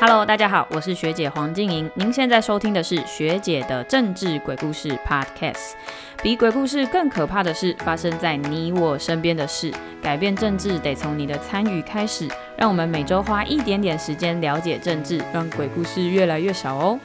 哈嘍，大家好，我是學姐黃靜瑩。您現在收聽的是學姐的政治鬼故事 Podcast。比鬼故事更可怕的是發生在你我身邊的事。改變政治得從你的參與開始。讓我們每週花一點點時間了解政治，讓鬼故事越來越少哦。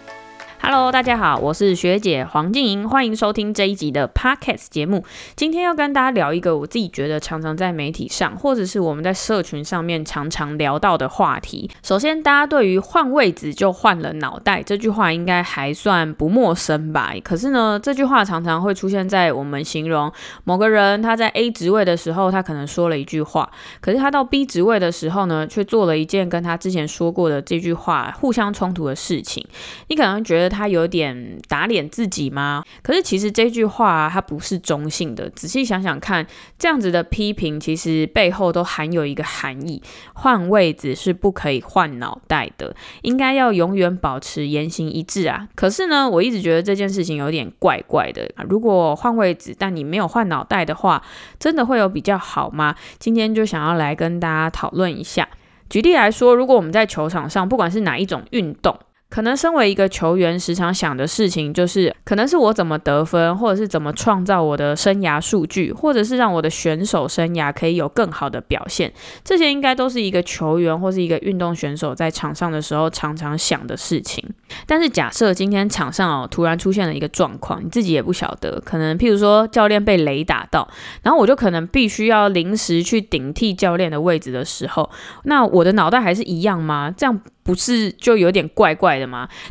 Hello，大家好，我是學姐黃靜瑩，歡迎收聽這一集的 Podcast 節目。今天要跟大家聊一個我自己覺得常常在媒體上，或者是我們在社群上面常常聊到的話題。首先，大家對於“換位子就換了腦袋”這句話應該還算不陌生吧？可是呢，這句話常常會出現在我們形容某個人他在 A 職位的時候，他可能說了一句話，可是他到 B 職位的時候呢，卻做了一件跟他之前說過的這句話互相衝突的事情。你可能會覺得，他有點打臉自己嗎？可是其實這句話啊，它不是中性的。仔細想想看，這樣子的批評其實背後都含有一個含義：換位置是不可以換腦袋的，應該要永遠保持言行一致啊。可是呢，我一直覺得這件事情有點怪怪的。如果換位置，但你沒有換腦袋的話，真的會有比較好嗎？今天就想要來跟大家討論一下。舉例來說，如果我們在球場上，不管是哪一種運動，可能身為一個球員，時常想的事情就是，可能是我怎麼得分，或者是怎麼創造我的生涯數據，或者是讓我的選手生涯可以有更好的表現。這些應該都是一個球員或是一個運動選手在場上的時候常常想的事情。但是假設今天場上哦，突然出現了一個狀況，你自己也不曉得，可能譬如說教練被雷打到，然後我就可能必須要臨時去頂替教練的位置的時候，那我的腦袋還是一樣嗎？這樣不是就有點怪怪的？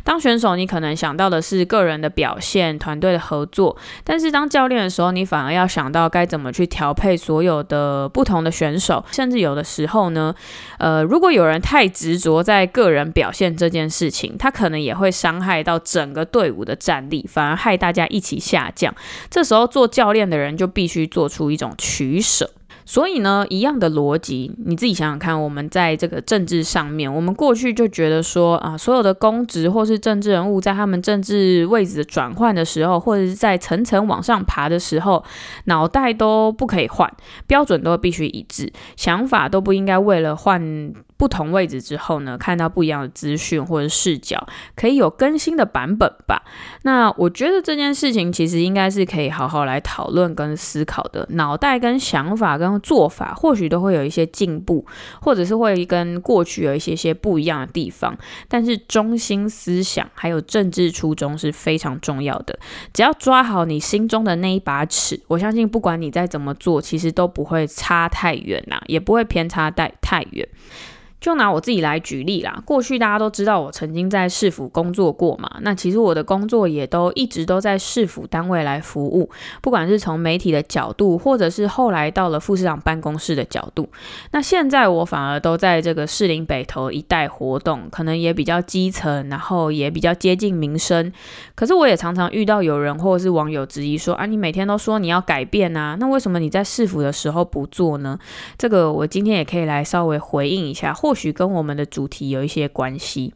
當選手，你可能想到的是個人的表現、團隊的合作；但是當教練的時候，你反而要想到該怎麼去調配所有的不同的選手。甚至有的時候呢，呃，如果有人太執着在個人表現這件事情，他可能也會傷害到整個隊伍的戰力，反而害大家一起下降。這時候做教練的人就必須做出一種取捨。所以呢，一樣的邏輯，你自己想想看，我們在這個政治上面，我們過去就覺得說，啊，所有的公職或是政治人物，在他們政治位置轉換的時候，或者是在層層往上爬的時候，腦袋都不可以換，標準都必須一致，想法都不應該為了換。不同位置之後呢，看到不一樣的資訊或者視角，可以有更新的版本吧。那我覺得這件事情其實應該是可以好好來討論跟思考的，腦袋跟想法跟做法或許都會有一些進步，或者是會跟過去有一些些不一樣的地方。但是中心思想還有政治初衷是非常重要的。只要抓好你心中的那一把尺，我相信不管你再怎麼做，其實都不會差太遠吶、啊，也不會偏差太太遠。就拿我自己來舉例啦，過去大家都知道我曾經在市府工作過嘛，那其實我的工作也都一直都在市府單位來服務，不管是從媒體的角度，或者是後來到了副市長辦公室的角度，那現在我反而都在這個士林北投一帶活動，可能也比較基層，然後也比較接近民生。可是我也常常遇到有人或者是網友質疑說，啊，你每天都說你要改變啊，那為什麼你在市府的時候不做呢？這個我今天也可以來稍微回應一下，或或許跟我們的主題有一些關係。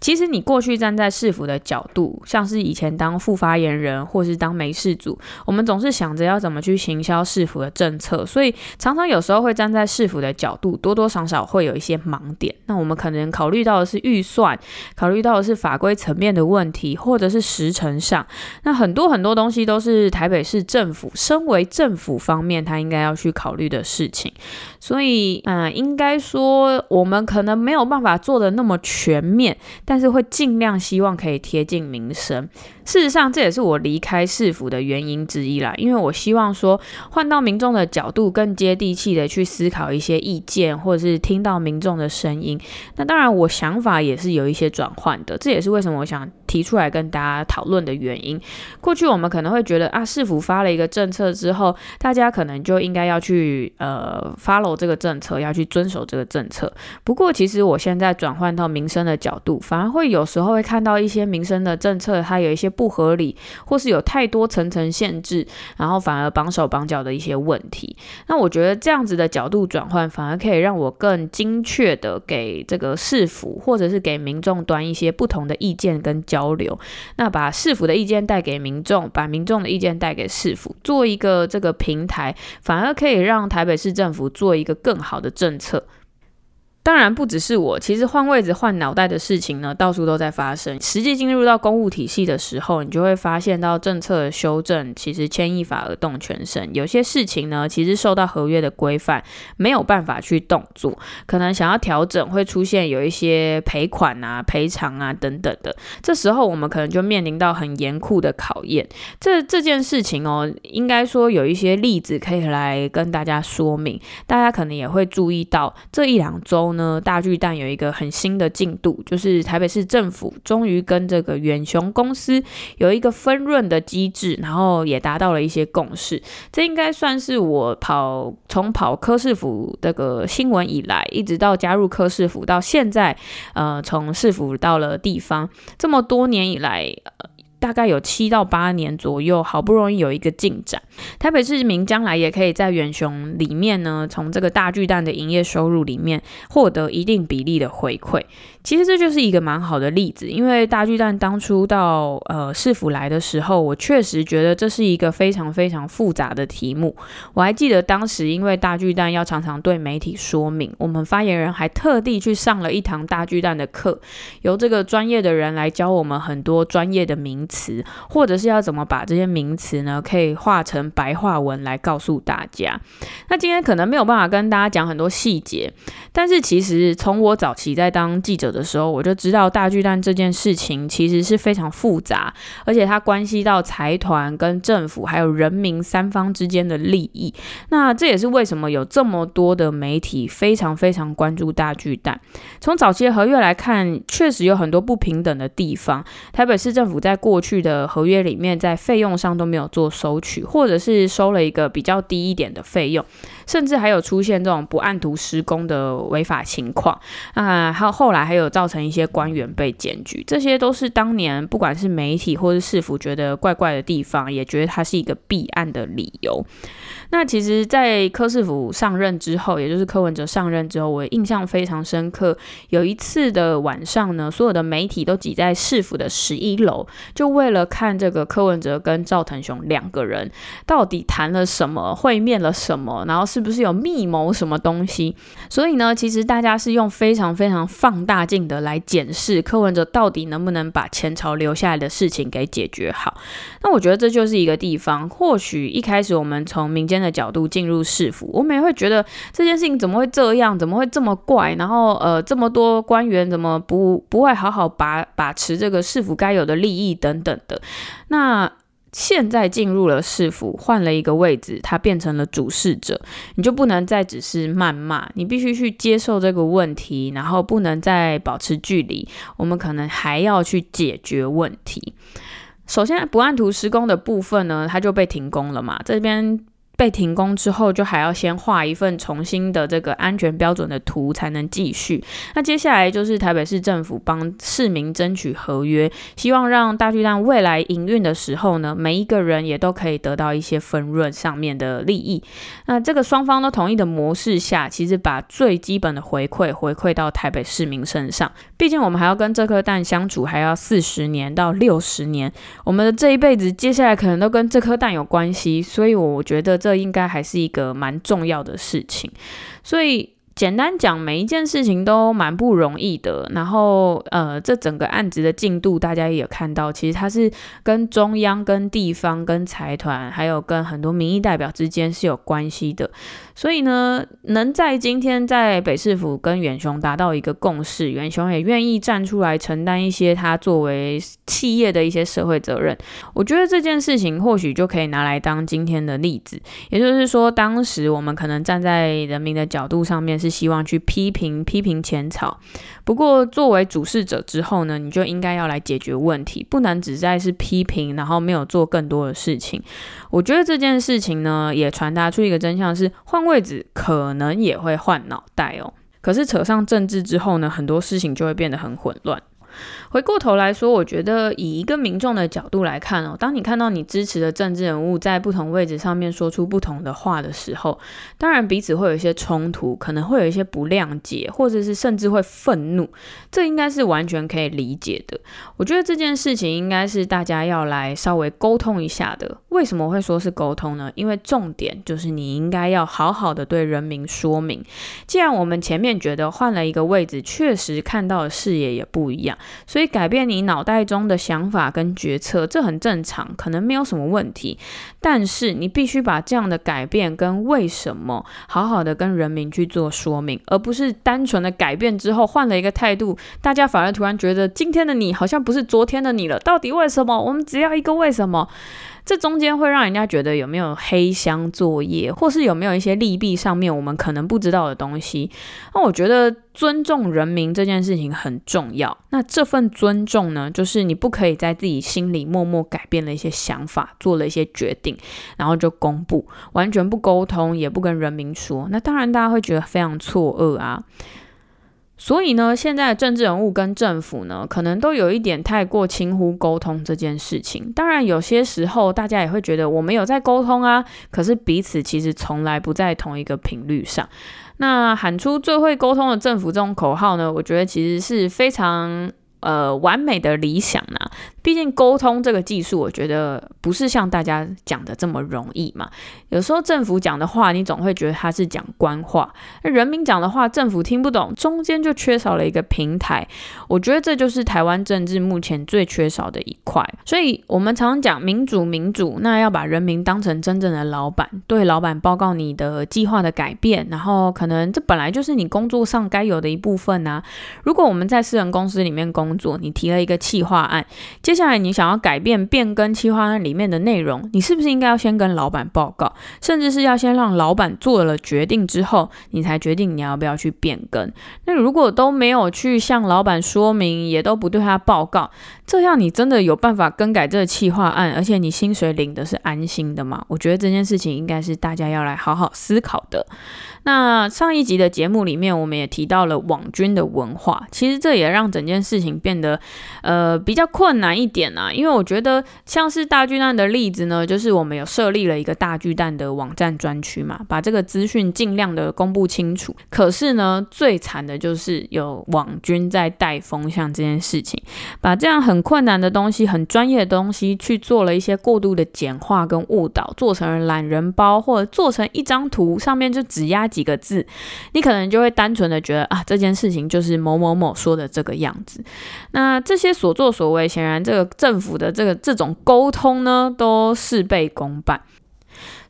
其實你過去站在市府的角度，像是以前當副發言人或是當媒體組，我們總是想着要怎麼去行銷市府的政策，所以常常有時候會站在市府的角度，多多少少會有一些盲點。那我們可能考慮到的是預算，考慮到的是法規層面的問題，或者是時程上，那很多很多東西都是台北市政府身為政府方面，他應該要去考慮的事情。所以，嗯、呃，應該說我們可能沒有辦法做得那麼全面。但是會盡量希望可以貼近民生。事實上，這也是我離開市府的原因之一啦。因為我希望說，換到民眾的角度，更接地氣的去思考一些意見，或者是聽到民眾的聲音。那當然，我想法也是有一些轉換的。這也是為什麼我想提出來跟大家討論的原因。過去我們可能會覺得啊，市府發了一個政策之後，大家可能就應該要去呃 follow 這個政策，要去遵守這個政策。不過，其實我現在轉換到民生的角度，反而會有時候會看到一些民生的政策，它有一些，不合理，或是有太多層層限制，然後反而綁手綁腳的一些問題。那我覺得這樣子的角度轉換，反而可以讓我更精確地給這個市府，或者是給民眾端一些不同的意見跟交流。那把市府的意見帶給民眾，把民眾的意見帶給市府，做一個這個平台，反而可以讓台北市政府做一個更好的政策。當然不只是我，其實換位置、換腦袋的事情呢，到處都在發生。實際進入到公務體系的時候，你就會發現到政策的修正，其實牽一發而動全身。有些事情呢，其實受到合約的規範，沒有辦法去動作，可能想要調整，會出現有一些賠款啊、賠償啊等等的。這時候我們可能就面臨到很嚴酷的考驗。這這件事情哦，應該說有一些例子可以來跟大家說明。大家可能也會注意到這一兩周呢。呢大巨蛋有一個很新的進度，就是台北市政府終於跟這個遠雄公司有一個分潤的機制，然後也達到了一些共識。這應該算是我跑從跑柯市府這個新聞以來，一直到加入柯市府到現在，呃，從市府到了地方這麼多年以來。呃大概有七到八年左右，好不容易有一個進展。台北市民將來也可以在遠雄裡面呢，從這個大巨蛋的營業收入裡面獲得一定比例的回饋。其實這就是一個蠻好的例子，因為大巨蛋當初到呃市府來的時候，我確實覺得這是一個非常非常複雜的題目。我還記得當時，因為大巨蛋要常常對媒體說明，我們發言人還特地去上了一堂大巨蛋的課，由這個專業的人來教我們很多專業的名詞，或者是要怎麼把這些名詞呢，可以化成白話文來告訴大家。那今天可能沒有辦法跟大家講很多細節，但是其實從我早期在當記者的時候。的時候，我就知道大巨蛋這件事情其實是非常複雜，而且它關係到財團、跟政府還有人民三方之間的利益。那這也是為什麼有這麼多的媒體非常非常關注大巨蛋。從早期的合約來看，確實有很多不平等的地方。台北市政府在過去的合約裡面，在費用上都沒有做收取，或者是收了一個比較低一點的費用。甚至還有出現這種不按圖施工的違法情況啊，還、呃、有後來還有造成一些官員被檢舉，這些都是當年不管是媒體或是市府覺得怪怪的地方，也覺得它是一個弊案的理由。那其實，在柯市府上任之後，也就是柯文哲上任之後，我印象非常深刻。有一次的晚上呢，所有的媒體都擠在市府的十一樓，就為了看這個柯文哲跟趙騰雄兩個人到底談了什麼，會面了什麼，然後是。是不是有密謀什麼東西？所以呢，其實大家是用非常非常放大鏡的來檢視柯文哲到底能不能把前朝留下來的事情給解決好。那我覺得這就是一個地方。或許一開始我們從民間的角度進入市府，我們也會覺得這件事情怎麼會這樣？怎麼會這麼怪？然後呃，這麼多官員怎麼不不會好好把把持這個市府該有的利益等等的？那。現在進入了市府，換了一個位置，他變成了主事者，你就不能再只是謾罵，你必須去接受這個問題，然後不能再保持距離，我們可能還要去解決問題。首先，不按圖施工的部分呢，它就被停工了嘛，這邊。被停工之後，就還要先畫一份重新的這個安全標準的圖，才能繼續。那接下來就是台北市政府幫市民爭取合約，希望讓大巨蛋未來營運的時候呢，每一個人也都可以得到一些分潤上面的利益。那這個雙方都同意的模式下，其實把最基本的回饋回饋到台北市民身上。畢竟我們還要跟這顆蛋相處，還要四十年到六十年，我們的這一輩子接下來可能都跟這顆蛋有關係，所以我覺得這。這應該還是一個蠻重要的事情，所以簡單講，每一件事情都蠻不容易的。然後，呃，這整個案子的進度，大家也有看到，其實它是跟中央、跟地方、跟財團，還有跟很多民意代表之間是有關係的。所以呢，能在今天在北市府跟遠雄達到一個共識，遠雄也願意站出來承擔一些他作為企業的一些社會責任。我覺得這件事情或許就可以拿來當今天的例子。也就是說，當時我們可能站在人民的角度上面是希望去批評批評前朝，不過作為主事者之後呢，你就應該要來解決問題，不能只在是批評，然後沒有做更多的事情。我覺得這件事情呢，也傳達出一個真相，是，換位子可能也會換腦袋哦。可是扯上政治之後呢，很多事情就會變得很混亂。回過頭來說，我覺得以一個民眾的角度來看哦、喔，當你看到你支持的政治人物在不同位置上面說出不同的話的時候，當然彼此會有一些衝突，可能會有一些不諒解，或者是甚至會憤怒，這應該是完全可以理解的。我覺得這件事情應該是大家要來稍微溝通一下的。為什麼會說是溝通呢？因為重點就是你應該要好好的對人民說明，既然我們前面覺得換了一個位置，確實看到的視野也不一樣。所以改變你腦袋中的想法跟決策，這很正常，可能沒有什麼問題。但是你必須把這樣的改變跟為什麼好好的跟人民去做說明，而不是單純的改變之後換了一個態度，大家反而突然覺得今天的你好像不是昨天的你了，到底為什麼？我們只要一個為什麼。這中間會讓人家覺得有沒有黑箱作業，或是有沒有一些利弊上面我們可能不知道的東西。那我覺得尊重人民這件事情很重要。那這份尊重呢，就是你不可以在自己心裡默默改變了一些想法，做了一些決定，然後就公布，完全不溝通，也不跟人民說。那當然大家會覺得非常錯愕啊。所以呢，現在政治人物跟政府呢，可能都有一點太過輕忽溝通這件事情。當然，有些時候大家也會覺得我們有在溝通啊，可是彼此其實從來不在同一個頻率上。那喊出“最會溝通的政府”這種口號呢，我覺得其實是非常。呃，完美的理想呢、啊。畢竟溝通這個技術，我覺得不是像大家講的這麼容易嘛。有時候政府講的話，你總會覺得他是講官話；而人民講的話，政府聽不懂，中間就缺少了一個平台。我覺得這就是台灣政治目前最缺少的一塊。所以我們常常講民主，民主，那要把人民當成真正的老闆，對老闆報告你的計劃的改變，然後可能這本來就是你工作上該有的一部分啊。如果我們在私人公司裡面工作，工作，你提了一個企劃案，接下來你想要改變、變更企劃案裡面的內容，你是不是應該要先跟老板報告，甚至是要先讓老板做了決定之後，你才決定你要不要去變更？那如果都沒有去向老板說明，也都不對他報告，這樣你真的有辦法更改這個企劃案，而且你薪水領的是安心的嗎？我覺得這件事情應該是大家要來好好思考的。那上一集的節目裡面，我們也提到了網軍的文化，其實這也讓整件事情變得，呃，比較困難一點啊。因為我覺得像是大巨蛋的例子呢，就是我們有設立了一個大巨蛋的網站專區嘛，把這個資訊儘量的公布清楚。可是呢，最慘的就是有網軍在帶風向這件事情，把這樣很困難的東西、很專業的東西，去做了一些過度的簡化跟誤導，做成了懶人包，或者做成一張圖，上面就只壓幾個字，你可能就會單純的覺得啊，這件事情就是某某某說的這個樣子。那這些所作所為，顯然這個政府的這個這種溝通呢，都事倍功半。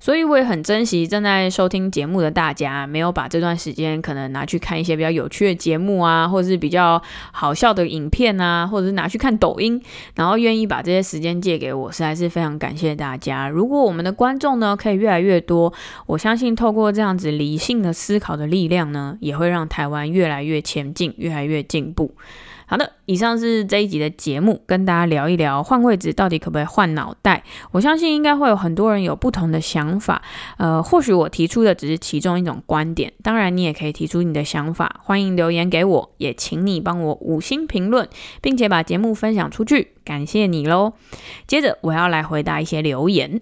所以我也很珍惜正在收聽節目的大家，沒有把這段時間可能拿去看一些比較有趣的節目啊，或者是比較好笑的影片啊，或者是拿去看抖音，然後願意把這些時間借給我，實在是非常感謝大家。如果我們的觀眾呢，可以越來越多，我相信透過這樣子理性的思考的力量呢，也會讓台灣越來越前進，越來越進步。好的，以上是這一集的節目，跟大家聊一聊換位置到底可不可以換腦袋。我相信應該會有很多人有不同的想法，呃，或許我提出的只是其中一種觀點，當然你也可以提出你的想法，歡迎留言給我，也請你幫我五星評論，並且把節目分享出去，感謝你嘍。接着我要來回答一些留言。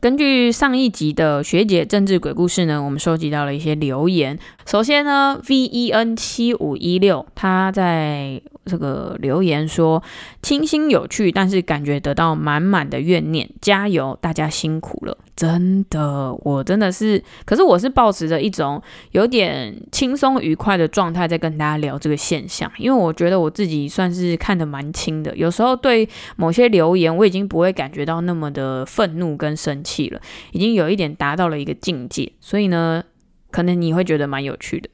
根據上一集的學姐政治鬼故事呢，我們收集到了一些留言。首先呢，VEN 7516他在這個留言說清新有趣，但是感覺得到滿滿的怨念。加油，大家辛苦了！真的，我真的是，可是我是抱持著一種有點輕鬆愉快的狀態在跟大家聊這個現象，因為我覺得我自己算是看得蠻輕的。有時候對某些留言，我已經不會感覺到那麼的憤怒跟生氣了，已經有一點達到了一個境界。所以呢，可能你會覺得蠻有趣的。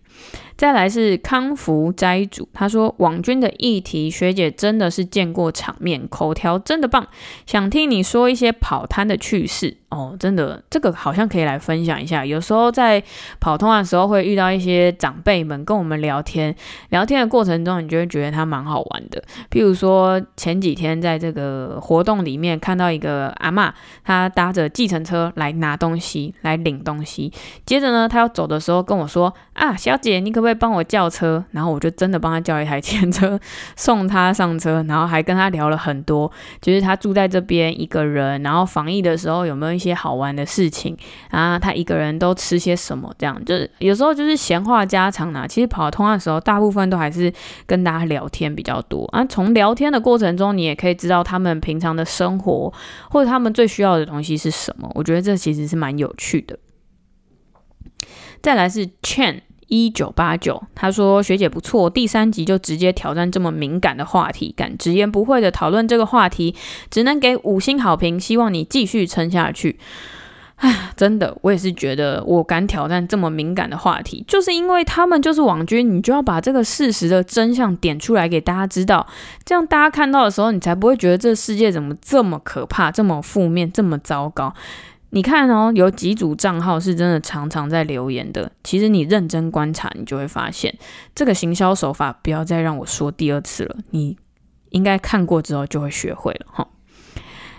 再來是康福齋主，他說，網軍的議題，學姐真的是見過場面，口條真的棒，想聽你說一些跑攤的趣事哦，真的這個好像可以來分享一下。有時候在跑通的時候，會遇到一些長輩們跟我們聊天，聊天的過程中，你就會覺得他蠻好玩的。譬如說前幾天在這個活動裡面看到一個阿嬤，她搭着計程車來拿東西，來領東西，接着呢，她要走的時候跟我說啊，小姐。姐，你可不可以幫我叫車？然後我就真的幫他叫一台前車，送他上車，然後還跟他聊了很多。就是他住在這邊一個人，然後防疫的時候有沒有一些好玩的事情啊？他一個人都吃些什麼？這樣就是有時候就是閒話家常啊。其實跑通的時候，大部分都還是跟大家聊天比較多啊。從聊天的過程中，你也可以知道他們平常的生活，或者他們最需要的東西是什麼。我覺得這其實是蠻有趣的。再來是 chain。一九八九，他說：“學姐不錯，第三集就直接挑戰這麼敏感的話題，敢直言不諱的討論這個話題，只能給五星好評。希望你繼續撐下去。”唉，真的，我也是覺得，我敢挑戰這麼敏感的話題，就是因為他們就是網軍，你就要把這個事實的真相點出來給大家知道，這樣大家看到的時候，你才不會覺得這世界怎麼這麼可怕，這麼負面，這麼糟糕。你看哦，有幾組賬號是真的常常在留言的。其實你認真觀察，你就會發現這個行銷手法，不要再讓我說第二次了。你應該看過之後就會學會了哈、哦。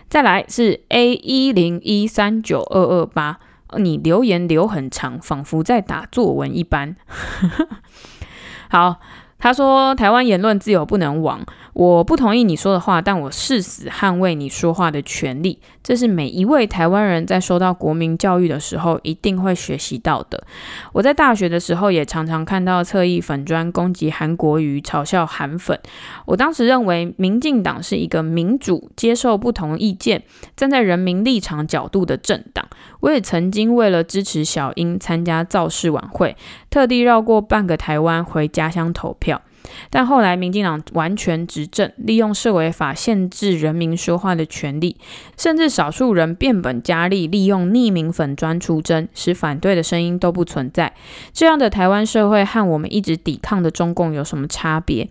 再來是 A 一零一三九二二八，你留言留很長，仿佛在打作文一般。 好，他說台灣言論自由不能亡。我不同意你說的話，但我誓死捍衛你說話的權利。這是每一位台灣人在受到國民教育的時候一定會學習到的。我在大學的時候也常常看到側翼粉專攻擊韓國瑜，嘲笑韓粉。我當時認為，民進黨是一個民主、接受不同意見、站在人民立場角度的政黨。我也曾經為了支持小英參加造勢晚會，特地繞過半個台灣回家鄉投票。但後來，民進黨完全執政，利用社維法限制人民說話的權利，甚至少數人變本加厲，利用匿名粉專出征，使反對的聲音都不存在。這樣的台灣社會和我們一直抵抗的中共有什麼差別？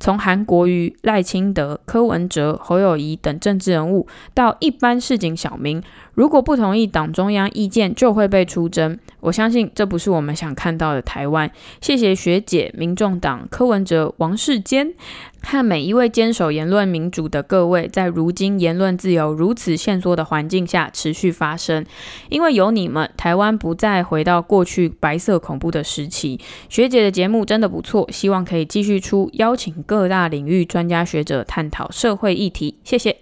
從韓國瑜、賴清德、柯文哲、侯友宜等政治人物，到一般市井小民，如果不同意黨中央意見，就會被出征。我相信這不是我們想看到的台灣。謝謝學姐、民眾黨、柯文哲、王世堅。和每一位堅守言論民主的各位，在如今言論自由如此限縮的環境下持續發聲。因為有你們，台灣不再回到過去白色恐怖的時期。學姐的節目真的不錯，希望可以繼續出，邀請各大領域專家學者探討社會議題。謝謝。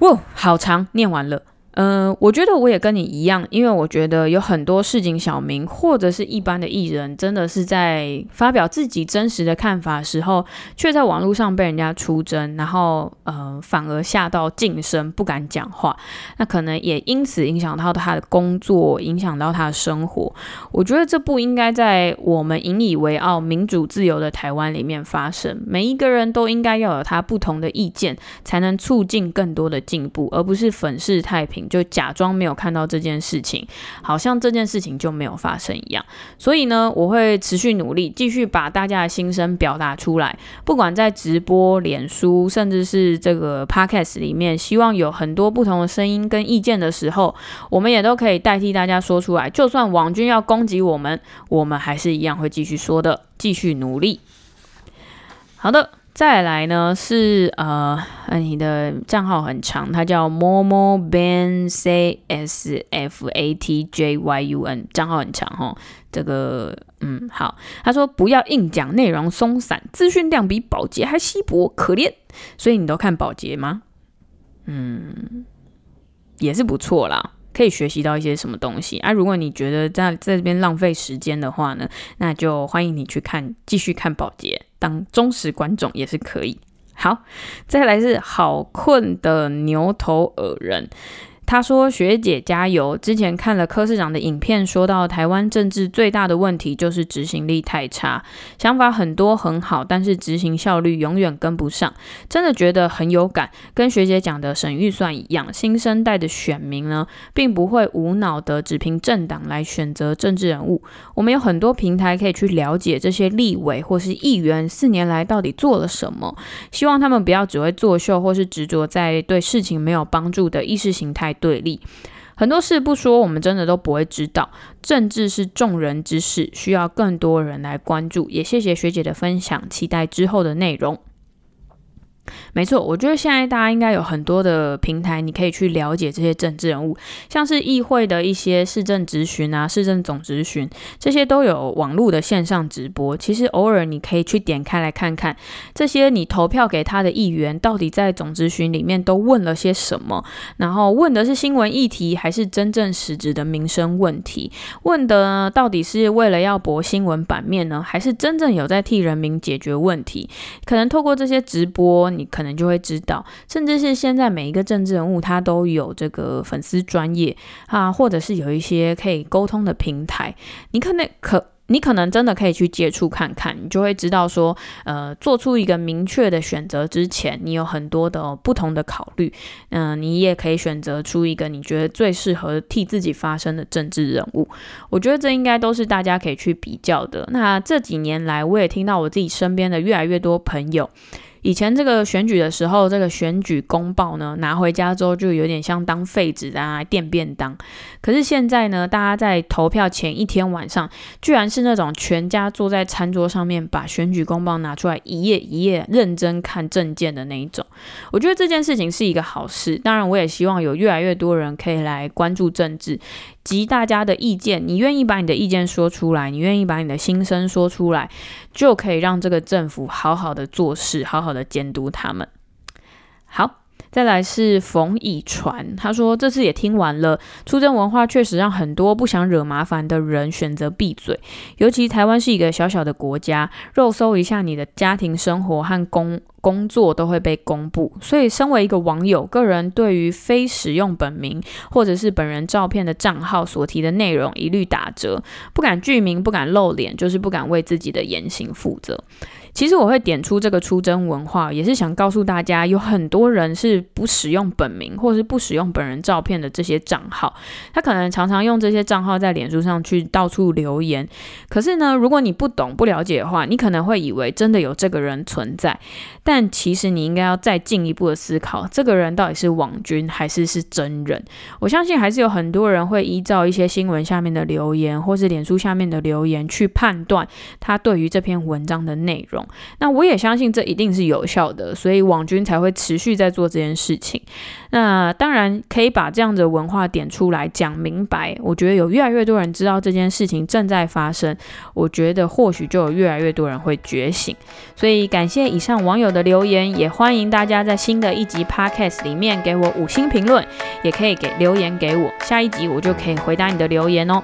哇，好長，念完了。嗯、呃，我覺得我也跟你一樣，因為我覺得有很多市井小民或者是一般的藝人，真的是在發表自己真實的看法的時候，卻在網絡上被人家出征，然後、呃、反而嚇到噤聲，不敢講話。那可能也因此影響到他的工作，影響到他的生活。我覺得這不應該在我們引以為傲民主自由的台灣裡面發生。每一個人都應該要有他不同的意見，才能促進更多的進步，而不是粉飾太平。就假裝沒有看到這件事情，好像這件事情就沒有發生一樣。所以呢，我會持續努力，繼續把大家的心聲表達出來。不管在直播、臉書，甚至是這個 podcast 裡面，希望有很多不同的聲音跟意見的時候，我們也都可以代替大家說出來。就算網軍要攻擊我們，我們還是一樣會繼續說的，繼續努力。好的。再來呢是呃，啊、你的賬號很長，它叫 momo ben c s f a t j y u n，賬號很長齁。這個嗯好，他說不要硬講，內容鬆散，資訊量比寶傑還稀薄，可憐。所以你都看寶傑嗎？嗯，也是不錯啦，可以學習到一些什麼東西啊。如果你覺得在，在這邊浪費時間的話呢，那就歡迎你去看，繼續看寶傑。當忠實觀眾也是可以。好，再來是好困的牛頭耳人。他說：“學姐加油！之前看了柯市長的影片，說到台灣政治最大的問題就是執行力太差，想法很多很好，但是執行效率永遠跟不上。真的覺得很有感，跟學姐講的省預算一樣。新生代的選民呢，並不會無腦的只憑政黨來選擇政治人物。我們有很多平台可以去了解這些立委或是議員四年來到底做了什麼。希望他們不要只會作秀，或是執着在對事情沒有幫助的意識形態。”對立，很多事不說，我們真的都不會知道。政治是眾人之事，需要更多人來關注。也謝謝學姐的分享，期待之後的內容。沒錯，我覺得現在大家應該有很多的平台，你可以去了解這些政治人物，像是議會的一些市政質詢啊、市政總質詢，這些都有網絡的線上直播。其實偶爾你可以去點開來看看，這些你投票給他的議員到底在總質詢裡面都問了些什麼，然後問的是新聞議題，還是真正實質的民生問題？問的到底是為了要博新聞版面呢，還是真正有在替人民解決問題？可能透過這些直播。你可能就會知道，甚至是現在每一個政治人物，他都有這個粉絲專頁啊，或者是有一些可以溝通的平台，你可能可，你可能真的可以去接觸看看，你就會知道說，呃，做出一個明確的選擇之前，你有很多的不同的考慮，嗯、呃，你也可以選擇出一個你覺得最適合替自己發聲的政治人物。我覺得這應該都是大家可以去比較的。那這幾年來，我也聽到我自己身邊的越來越多朋友。以前這個選舉的時候，這個選舉公報呢，拿回家之後就有點像當廢紙啊，墊便當。可是現在呢，大家在投票前一天晚上，居然是那種全家坐在餐桌上面，把選舉公報拿出來，一頁一頁認真看政見的那一種。我覺得這件事情是一個好事。當然，我也希望有越來越多人可以來關注政治。集大家的意見，你願意把你的意見說出來，你願意把你的心聲說出來，就可以讓這個政府好好的做事，好好的監督他們。好。再來是馮以傳，他說這次也聽完了，出征文化確實讓很多不想惹麻煩的人選擇閉嘴。尤其台灣是一個小小的國家，肉搜一下你的家庭生活和工工作都會被公布。所以，身為一個網友，個人對於非使用本名或者是本人照片的賬號所提的內容一律打折，不敢具名，不敢露臉，就是不敢為自己的言行負責。其實我會點出這個出征文化，也是想告訴大家，有很多人是不使用本名或是不使用本人照片的這些賬號，他可能常常用這些賬號在臉書上去到處留言。可是呢，如果你不懂不了解的話，你可能會以為真的有這個人存在。但其實你應該要再進一步的思考，這個人到底是網軍還是是真人？我相信還是有很多人會依照一些新聞下面的留言，或是臉書下面的留言去判斷他對於這篇文章的內容。那我也相信這一定是有效的，所以網軍才會持續在做這件事情。那當然可以把這樣的文化點出來講明白，我覺得有越來越多人知道這件事情正在發生，我覺得或許就有越來越多人會覺醒。所以感謝以上網友的留言，也歡迎大家在新的一集 Podcast 裡面給我五星評論，也可以給留言給我，下一集我就可以回答你的留言哦。